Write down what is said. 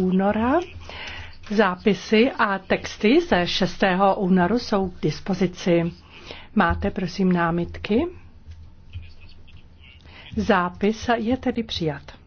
února. Zápisy a texty ze 6. únoru jsou k dispozici. Máte, prosím, námitky? Zápis je tedy přijat.